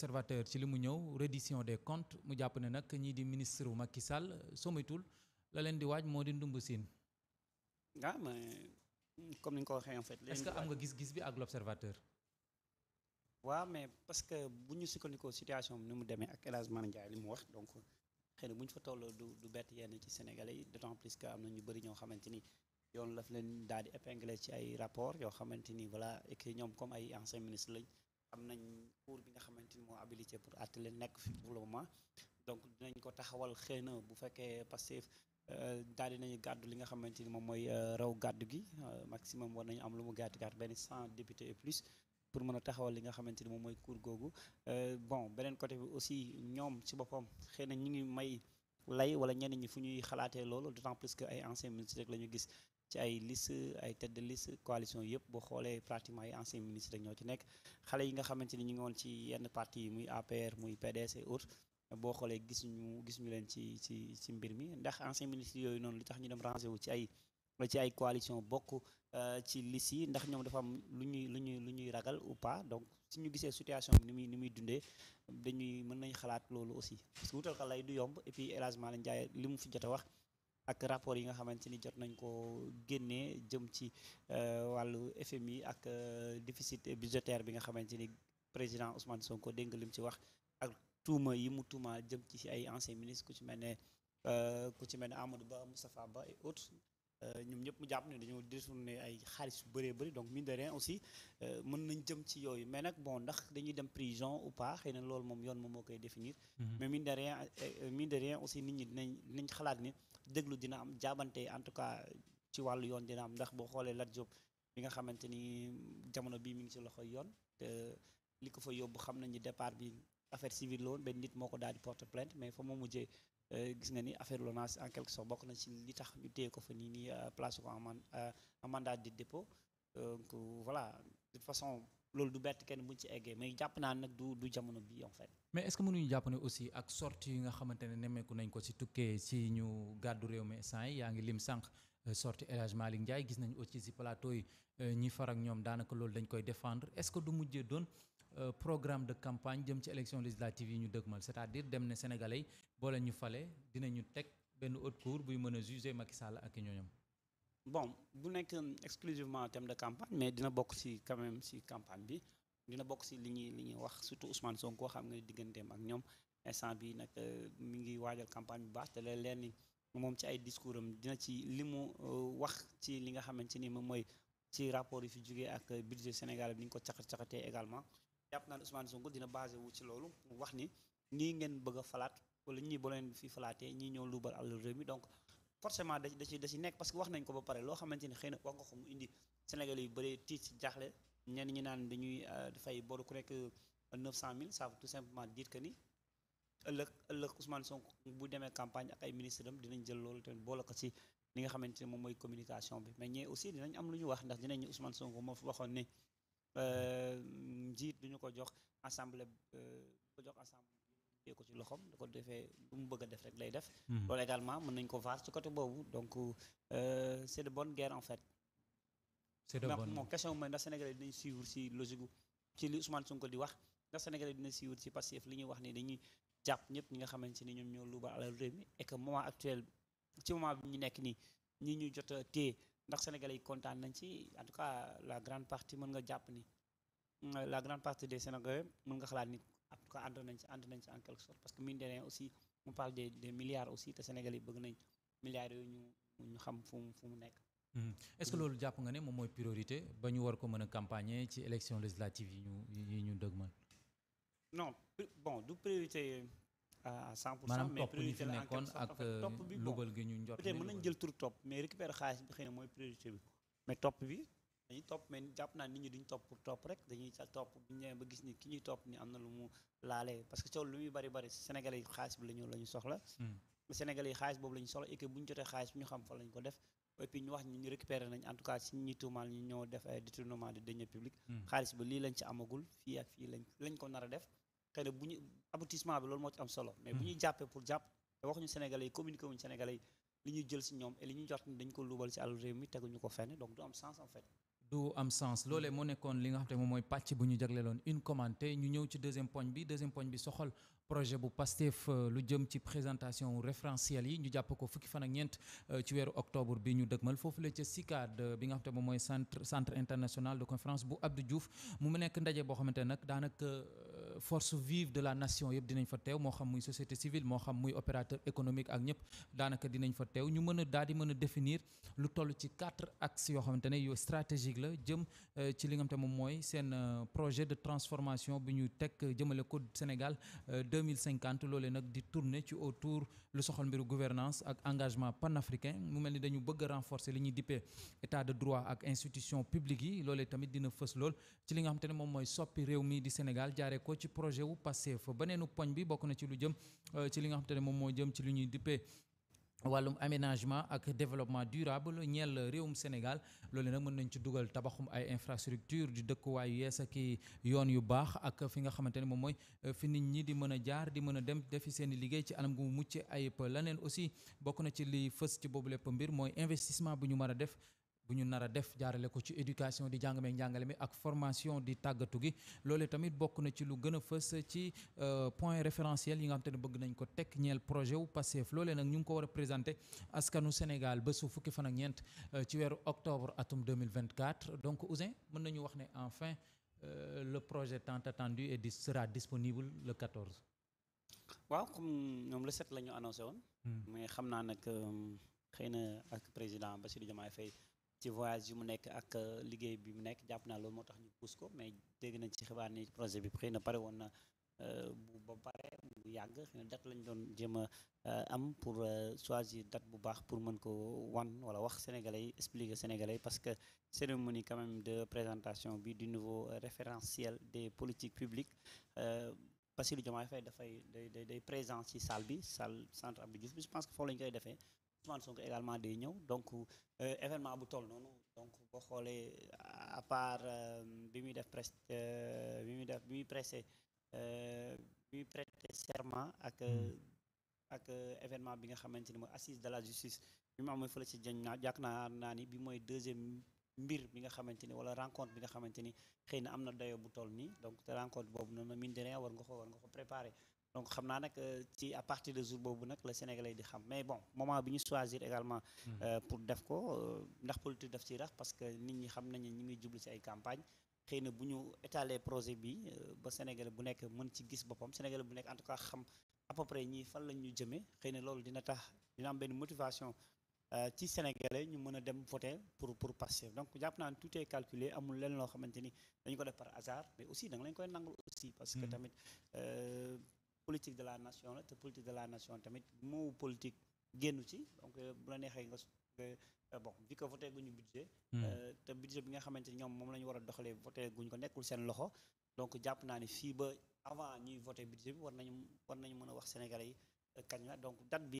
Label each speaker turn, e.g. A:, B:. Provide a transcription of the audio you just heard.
A: l'observateur ci li mu ñëw reddition des comptes mu jàpp ne nag ñii di ministre wu Macky Sall soo moytuwul leen di waaj moo di ndumb siin.
B: ah mais comme ni nga ko waxee en fait. est-ce que am nga
A: gis-gis bi ak l'observateur.
B: waa mais parce que bu ñu sukkandikoo situation bi ni mu demee ak El Hadj Malick li mu wax donc xëy na bu ñu fa tolloo du du bett yenn ci Sénégalais yi d'autant plus que am na ñu bëri ñoo xamante ni. yoon laf leen daal di épinglé ci ay rapport yoo xamante ni voilà et ñoom comme ay anciens ministres lañ am nañ cours bi nga xamante ni moo habilité pour atteler nekk fi pour le moment donc dinañ ko taxawal xëy na bu fekkee Pastef euh, daal nañu gàddu li nga xamante ni moom mooy euh, raw gàddu gi euh, maximum war nañu am lu mu gàtt gàtt benn cent députés et plus pour mën a taxawal li nga xamante ni moom mooy cours googu bon beneen côté bi aussi ñoom si boppam xëy na ñu ngi may lay wala ñenn ñi fu ñuy xalaatee loolu d'autant plus que ay anciens ministres rek la ñu gis ci ay liste ay tête de liste coalition yëpp boo xoolee pratiquement ay anciens ministres ñoo ci nekk xale yi nga xamante ni ñu ngi woon ci yenn parti yi muy APR muy PDS et autres boo xoolee gis ñu gis ñu leen ci ci ci mbir mi ndax anciens ministres yooyu noonu li tax ñu dem rangé wu ci ay ci ay coalition bokk euh, ci lis yi ndax ñoom dafa am lu ñuy lu ñuy lu ñuy ragal ou pas donc ñu gisee situation ni muy ni muy dundee dañuy mën nañ xalaat loolu aussi parce que wutal ka lay du yomb et puis élargement lañ li mu fi jot a wax ak rapport yi nga xamante ni jot nañ koo génnee jëm ci euh, wàllu FMI ak euh, déficit budgétaire bi nga xamante ni président Ousmane soo ko lim ci wax ak tuuma yi mu tuuma jëm ci ay ancien ministre ku ci mel ne euh, ku ci mel ne Amadou Ba Moustapha Ba et autres Euh, ñoom ñëpp mu jàpp ne dañoo détourné ay xaalis yu bëree bëri donc mine de rien aussi euh, mën nañ jëm ci yooyu mais nag bon ndax dañuy dem prison ou pas xëy na loolu moom yoon moom moo koy définir. Mhm. mais mine de rien euh, mine aussi nit ñi dinañ dinañ xalaat ni déglu dina am jaabante en tout cas ci wàllu yoon dina am ndax boo xoolee Lat Diop bi nga xamante ni jamono bii mu ngi ci loxo yoon te li ko fa yóbbu xam nañu départ bi affaire civile loolu woon benn nit moo ko daal di mais fa mu mujjee. Euh, gis nga ni affaire LONASE en quelque sorte bokk na ci li tax ñu téye ko fa nii nii euh, place ko euh, en mandat de dépôt donc voilà loolu du bett kenn buñ ci eggee mais jàpp naa nag du du jamono bi en fait.
A: mais est-ce que mënuñu jàpp ne aussi ak sortie yi nga xamante ne nemmeeku nañ ko si tukkee si ñu gàddu réew mi sant yaa ngi lim sànq sortie El Hadj Malick gis nañu aussi si palateau yi ñi farak ñoom daanaka loolu dañ koy défendre est-ce que du mujjee doon. Euh, programme de campagne jëm ci élection législative yi ñu dëgmal c'est-à-dire dem ne sénégalais yi ñu fale dinañu teg benn haute cour buy mën a juger Macky Sall ak ñooñam
B: bon bu nekk exclusivement thème de campagne mais dina bokk ci quand même ci campagne bi dina bokk ci li ñuy li ñuy wax surtout Ousmane Sonko xam nga digganteem ak ñoom instant bi nag euh, mu ngi waajal campagne bu baax te la leen ni moom ci ay discours am dina ci li mu euh, wax ci li nga xamante ni moom mooy ci rapport yi fi jógee ak budget Sénégal bi ñu ko caxat caxatee également jàpp naa ne Ousmane dina basé wu ci loolu wax ni ñii ngeen bëgg falaat wala ñii boo leen fi falaatee ñii ñëw luubal àll réew mi donc forcément da da ci da nekk parce que wax nañ ko ba pare loo xamante ni xëy na wax nga ko mu indi Sénégal yu bëri tiit ci jaaxle ñenn ñi naan dañuy euh, dafay boru ku nekk 900000 ça veut tout simplement dire que ni ëllëg ëllëg Ousmane Sonko bu demee campagne ak ay ministres dinañ jël loolu tamit boole ko ci li nga xamante ne moom mooy communication bi mais ñee aussi dinañ wax ndax dinañ Ousmane Sonko moo fi waxoon Euh, njiit duñu ko jox assemblée du euh, ko jox assemblée dee ko loxoom da ko defee lu mu bëgg def rek lay def mhm. loolu également mën nañ ko vaar ci côté boobu donc euh, c'est de bonne guerre en fait
A: c'est de bonne moom
B: question mooy ndax Sénégalais dinañ suivre si logique ci li Ousmane Sonko di wax ndax Sénégalais dina suivre si Pastef li ñuy wax ni dañuy jàpp ñëpp ñi nga xamante ni ñoom ñoo lu alal réew mi et que moment actuel ci moment bi ñu nekk nii ñi ñu jot a ndax sénégalais yi kontaan nañ ci en tout cas la grande partie mën nga jàpp ni la grande partie des sénégalais mën nga xalaat ni en tout cas ànd nañ ci ànd nañ ci en quelque sorte parce que mine de rien aussi on parle des des milliards aussi te sénégalais yi bëgg nañ milliards yooyu ñu xam fu mu fu mu nekk.
A: Hmm. est-ce que loolu jàpp nga ne moom mooy priorité ba ñu war ko mën a ci élection législative yi ñu yi ñu dëgmal.
B: non bon du priorité. à 100 pour cent topp bi euh, lugal gi ñu mën nañ jël tur topp mais récupérer xaalis bi xëy mooy priorité bi mais topp bi dañuy topp mais ñi duñ topp topp rek dañuy sa topp bu ba gis ni ki ñuy topp ni am na lu mu laalee parce que coow lu muy bari bari Sénégalais xaalis bi la ñu la ñu soxla hmm. Sénégalais yi xaalis boobu la ñu soxla et que bu ñu jotee xaalis bi ñu xam fa lañ ko def et puis ñu wax ñu ñu récupéré en tout cas si ñi tuumaal ñu ñoo def ay détournement de deniers publics hmm. xaalis ba lii lañ ci amagul fii ak fii lañ lañ ko nar a def xëy na bu bi loolu moo ci am solo. mais bu ñuy hmm. jàppee pour jàpp te waxuñu Sénégalais yi communiqué wuñu Sénégalais yi li ñu jël si ñoom et li ñu jot ni dañ ko luubal si àll réew mi nekkoon
A: li nga xam te mooy pàcc bu ñu jagleeloon une commande tey ñu ñëw ci deuxième point bi soxal projet bu PASTEF euh, lu jëm ci présentation référentiel yi ñu jàpp ko fukki fan ñeent euh, ci weeru octobre bi ñu dëgmal foofu la ca CICAD euh, bi nga xam te mooy centre force vive de la nation yëpp dinañ fa teew moo xam muy société civile moo xam muy opérateur économique ak ñëpp daanaka dinañ fa teew ñu mën a daal a définir lu toll ci quatre axes yoo xamante ne yu stratégique la jëm euh, ci li nga xamante moom mooy seen euh, projet de transformation bi ñu teg jëmale ko Sénégal 2050 euh, loolee nag di tourner ci autour lu soxal mbiru gouvernance ak engagement panafricain mu mel ni dañu bëgg a renforcer ñuy dippee état de droit ak institution publique yi loolee tamit ne moom mooy soppi réew mi di Sénégal jaaree ko ci projet wu Pastef baneenu poñ bi bokk na ci lu jëm euh, ci li nga xamante ne moom moo jëm ci lu ñuy dippee wàllum aménagement ak développement durable ñeel réewum Sénégal loolu nag mën nañ ci dugal tabaxum ay infrastructure di dëkkuwaayu yees ak yoon yu baax ak fi nga xamante ne moom mooy euh, fi nit ñi di mën a jaar di mën a dem defi seen i liggéey ci anam gu mu mucc ayib leneen aussi bokk na ci li fës ci boobu lépp mbir mooy investissement bu ñu mën a def bu ñu nar a def jaarale ko ci éducation di jàng meeg njàngale mi ak formation di tàggatu gi loole tamit bokk na ci lu gën a fës ci euh, point référentiel yi nga xam te ne bëgg nañ ko tekk ñeel projet wu Pastef loolee nag ñu ngi ko war a présenté askanu Sénégal ba su fukki fan ak ñeent euh, ci weeru octobre atum 2024 donc Ousin mën nañu wax ne enfin euh, le projet tent attendu et sera disponible le 14.
B: waaw comme ñoom le 7 la ñu annoncé woon. Hmm. mais xam naa nag xëy na ci voyage yi mu nekk ak euh, liggéey bi mu nekk jàpp naa loolu moo tax ñu pousse ko mais dégg nañ ci xibaar nii projet bi xëy na pare woon na euh, bu ba pare bu yàgg xëy na date lañ doon jéem a euh, am pour choisir date bu baax pour mën ko wan wala wax sénégalais yi expliquer sénégalais parce que cérémonie quand même de présentation bi du nouveau référentiel des politiques publiques Bassirou Diomaye Faye dafay day day day présent ci salle bi salle centre Abdou Diouf bi je pense que la ñu koy defee Ousmane Sonko également day ñëw donc euh, événement bu toll noonu donc boo xoolee à euh, bi muy def presse euh, bi muy def bi muy pressé bi muy prêté serment ak hmm. ak événement bi nga xamante ni mooy assise de la justice bi mu amee fële ci jën naa jàkk naa bi mooy deuxième mbir bi nga xamante ni wala rencontre bi nga xamante ni xëy na am na dayo bu toll nii donc te rencontre boobu noonu mine war nga ko war nga ko préparer donc xam naa nag euh, ci à partir de jour boobu nag la Sénégalais di xam mais bon moment bi ñu choisir également. Hmm. Euh, pour def ko euh, ndax politique daf ci rax parce que nit ñi xam nañu ñu ngi jublu ci ay campagne xëy na bu ñu étaler projet bi ba Sénégalais bu nekk mën ci gis boppam Sénégalais bu nekk en tout cas xam à peu près ñii fan la ñu jëmee xëy na loolu dina tax dina am benn motivation ci Sénégalais ñu mën a dem voter pour pour Pastef donc jàpp naan ne tout est calculé amul leen loo xamante ni dañu ko def par hasard mais aussi da nga leen koy nangul parce que hmm. tamit. politique de la nation la te politique de la nation tamit moo politique génnu ci donc euh, bu la neexee nga euh, bon vu que voté guñu budget hmm. euh, te budget bi nga xamante ni ñoom moom la ñu war a doxalee voté guñ ko nekkul seen loxo donc jàpp naa ne fii ba avant ñuy voté budget bi war nañu war nañu mën a wax Sénégalais kañ la donc date bi